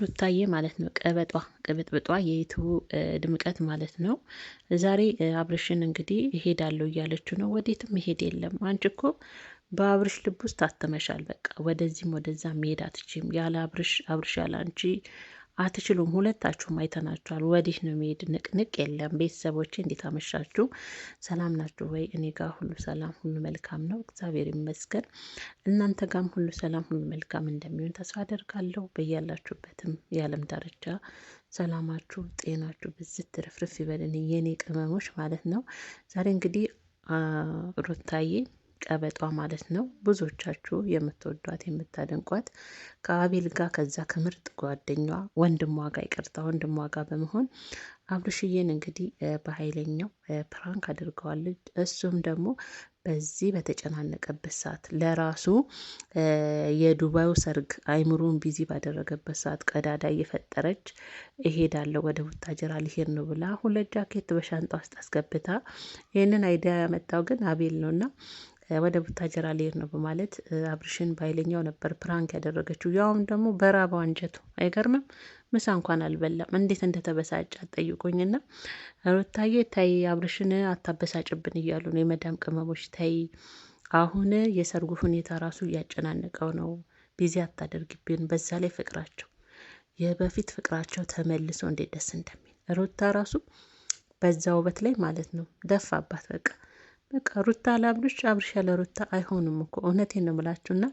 ሩታዬ ማለት ነው። ቀበጧ ቅብጥብጧ የይቱ ድምቀት ማለት ነው። ዛሬ አብርሽን እንግዲህ እሄዳለሁ እያለችው ነው። ወዴትም መሄድ የለም። አንቺ እኮ በአብርሽ ልብ ውስጥ ታተመሻል። በቃ ወደዚህም ወደዛ መሄድ አትችም። ያለ አብርሽ አብርሽ ያለ አንቺ አትችሉም። ሁለታችሁም አይተናችኋል። ወዲህ ነው የሚሄድ ንቅንቅ የለም። ቤተሰቦቼ እንዴት አመሻችሁ? ሰላም ናችሁ ወይ? እኔ ጋር ሁሉ ሰላም፣ ሁሉ መልካም ነው፣ እግዚአብሔር ይመስገን። እናንተ ጋርም ሁሉ ሰላም፣ ሁሉ መልካም እንደሚሆን ተስፋ አደርጋለሁ። በያላችሁበትም የዓለም ዳርቻ ሰላማችሁ፣ ጤናችሁ ብዝት ትርፍርፍ ይበልን የኔ ቅመሞች ማለት ነው። ዛሬ እንግዲህ ሩታዬ ቀበጧ ማለት ነው። ብዙዎቻችሁ የምትወዷት የምታደንቋት ከአቤል ጋር ከዛ ከምርጥ ጓደኛዋ ወንድሟ ጋር ይቅርታ፣ ወንድሟ ጋር በመሆን አብርሽዬን እንግዲህ በኃይለኛው ፕራንክ አድርገዋለች። እሱም ደግሞ በዚህ በተጨናነቀበት ሰዓት ለራሱ የዱባዩ ሰርግ አይምሩን ቢዚ ባደረገበት ሰዓት ቀዳዳ እየፈጠረች እሄዳለሁ ወደ ቡታጀራ ሊሄድ ነው ብላ ሁለት ጃኬት በሻንጣ ውስጥ አስገብታ ይህንን አይዲያ ያመጣው ግን አቤል ነው እና ወደ ቡታጀራ ሊሄድ ነው በማለት አብርሽን በኃይለኛው ነበር ፕራንክ ያደረገችው። ያውም ደግሞ በራበ አንጀቱ አይገርምም። ምሳ እንኳን አልበላም። እንዴት እንደተበሳጨ አጠይቁኝና ሩታዬ ታይ አብርሽን አታበሳጭብን እያሉ ነው የመዳም ቅመሞች። ታይ አሁን የሰርጉ ሁኔታ ራሱ እያጨናነቀው ነው። ቢዚ አታደርግብን። በዛ ላይ ፍቅራቸው የበፊት ፍቅራቸው ተመልሶ እንዴት ደስ እንደሚል ሩታ ራሱ በዛ ውበት ላይ ማለት ነው ደፋባት በቃ በቃ ሩታ ለአብርሽ አብርሽ ያለ ሩታ አይሆንም እኮ እውነቴን ነው የምላችሁና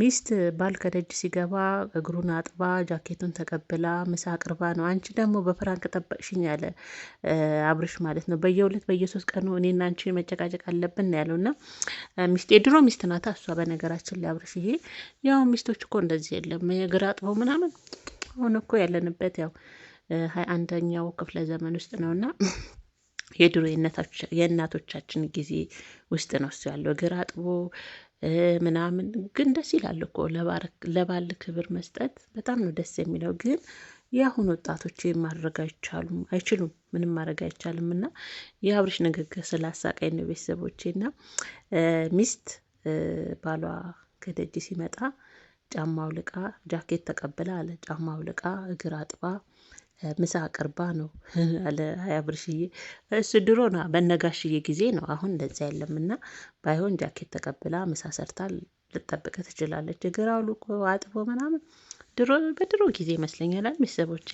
ሚስት ባል ከደጅ ሲገባ እግሩን አጥባ ጃኬቱን ተቀብላ ምሳ አቅርባ ነው። አንቺ ደግሞ በፍራንክ ጠበቅሽኝ ያለ አብርሽ ማለት ነው። በየሁለት በየሶስት ቀኑ እኔና አንቺ መጨቃጨቅ አለብን ያለው እና ሚስት የድሮ ሚስት ናታ እሷ። በነገራችን ላይ አብርሽ ይሄ ያው ሚስቶች እኮ እንደዚህ የለም እግር አጥበው ምናምን። አሁን እኮ ያለንበት ያው ሀያ አንደኛው ክፍለ ዘመን ውስጥ ነውና የድሮ የእናቶቻችን ጊዜ ውስጥ ነው እሱ ያለው። እግር አጥቦ ምናምን ግን ደስ ይላል እኮ ለባል ክብር መስጠት በጣም ነው ደስ የሚለው። ግን የአሁን ወጣቶች ማድረግ አይቻሉም አይችሉም፣ ምንም ማድረግ አይቻልም። እና የአብርሽ ንግግር ስላሳቀኝ ነው ቤተሰቦቼ። እና ሚስት ባሏ ከደጅ ሲመጣ ጫማ አውልቃ ጃኬት ተቀብላ አለ ጫማ አውልቃ እግር አጥባ ምሳ ቅርባ ነው አለ ሀያ ብር ሽዬ እሱ ድሮ ነው በነጋሽዬ ጊዜ ነው። አሁን እንደዛ የለምና ባይሆን ጃኬት ተቀብላ ምሳ ሰርታ ልጠብቀ ትችላለች። እግር አውልቆ አጥቦ ምናምን ድሮ በድሮ ጊዜ ይመስለኛል ቤተሰቦቼ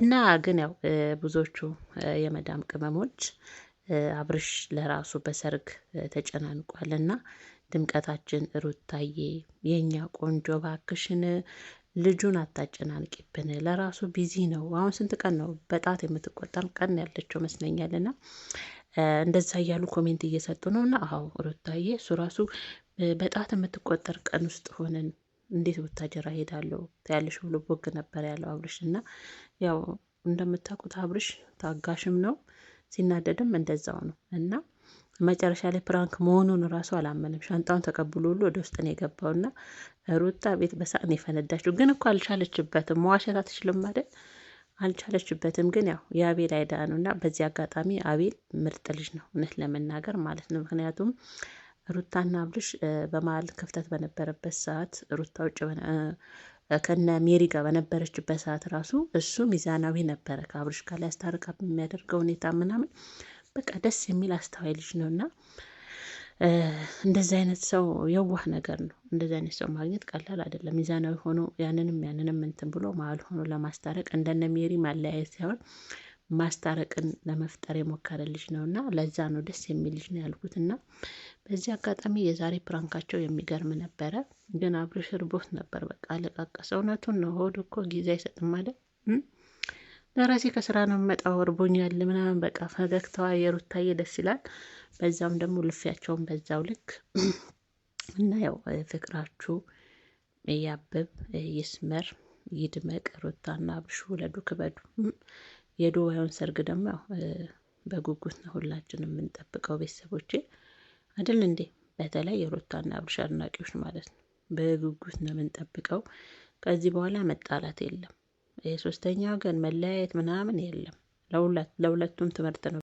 እና ግን ያው ብዙዎቹ የመዳም ቅመሞች አብርሽ ለራሱ በሰርግ ተጨናንቋልና ድምቀታችን ሩታዬ የኛ ቆንጆ ባክሽን ልጁን ብን ለራሱ ቢዚ ነው። አሁን ስንት ቀን ነው? በጣት የምትቆጠር ቀን ያለችው መስለኛል። ና እንደዛ እያሉ ኮሜንት እየሰጡ ነው። ና አሁ ሩታዬ፣ እሱ ራሱ በጣት የምትቆጠር ቀን ውስጥ ሆነን እንዴት ብታጀራ ሄዳለሁ ያለሽ ብሎ ቦግ ነበር ያለው አብርሽ። እና ያው እንደምታውቁት አብርሽ ታጋሽም ነው፣ ሲናደድም እንደዛው ነው እና መጨረሻ ላይ ፕራንክ መሆኑን ራሱ አላመንም። ሻንጣውን ተቀብሎ ሁሉ ወደ ውስጥ ነው የገባውና ሩታ ቤት በሳቅ ነው የፈነዳችው። ግን እኮ አልቻለችበትም፣ መዋሸት አትችልም አይደል? አልቻለችበትም። ግን ያው የአቤል አይዳ ነው እና በዚህ አጋጣሚ አቤል ምርጥ ልጅ ነው እውነት ለመናገር ማለት ነው። ምክንያቱም ሩታና አብርሽ በመሀል ክፍተት በነበረበት ሰዓት ሩታ ውጭ ከነ ሜሪ ጋር በነበረችበት ሰዓት ራሱ እሱ ሚዛናዊ ነበረ ከአብርሽ ጋር ሊያስታርቃ የሚያደርገው ሁኔታ ምናምን በቃ ደስ የሚል አስተዋይ ልጅ ነው እና እንደዚህ አይነት ሰው የዋህ ነገር ነው። እንደዚህ አይነት ሰው ማግኘት ቀላል አይደለም። ሚዛናዊ ሆኖ ያንንም ያንንም እንትን ብሎ መሀል ሆኖ ለማስታረቅ እንደነ ሜሪ ማለያየት ሳይሆን ማስታረቅን ለመፍጠር የሞከረ ልጅ ነው እና ለዛ ነው ደስ የሚል ልጅ ነው ያልኩት። እና በዚህ አጋጣሚ የዛሬ ፕራንካቸው የሚገርም ነበረ፣ ግን አብርሽ ነበር። በቃ አለቃቀሰ። እውነቱን ነው። ሆድ እኮ ጊዜ አይሰጥም አይደል? ለራሴ ከስራ ነው የምመጣው እርቦኛል ምናምን በቃ ፈገግታዋ የሩታዬ ደስ ይላል። በዛም ደግሞ ልፊያቸውን በዛው ልክ እና ያው ፍቅራችሁ ያብብ ይስመር ይድመቅ። ሩታና ብሹ ለዱ ክበዱ። የዱባዩን ሰርግ ደግሞ ያው በጉጉት ነው ሁላችንም የምንጠብቀው። ቤተሰቦቼ አይደል እንዴ? በተለይ የሩታና ብሽ አድናቂዎች ማለት ነው በጉጉት ነው የምንጠብቀው። ከዚህ በኋላ መጣላት የለም። የሶስተኛ ወገን መለያየት ምናምን የለም። ለሁለቱም ትምህርት ነው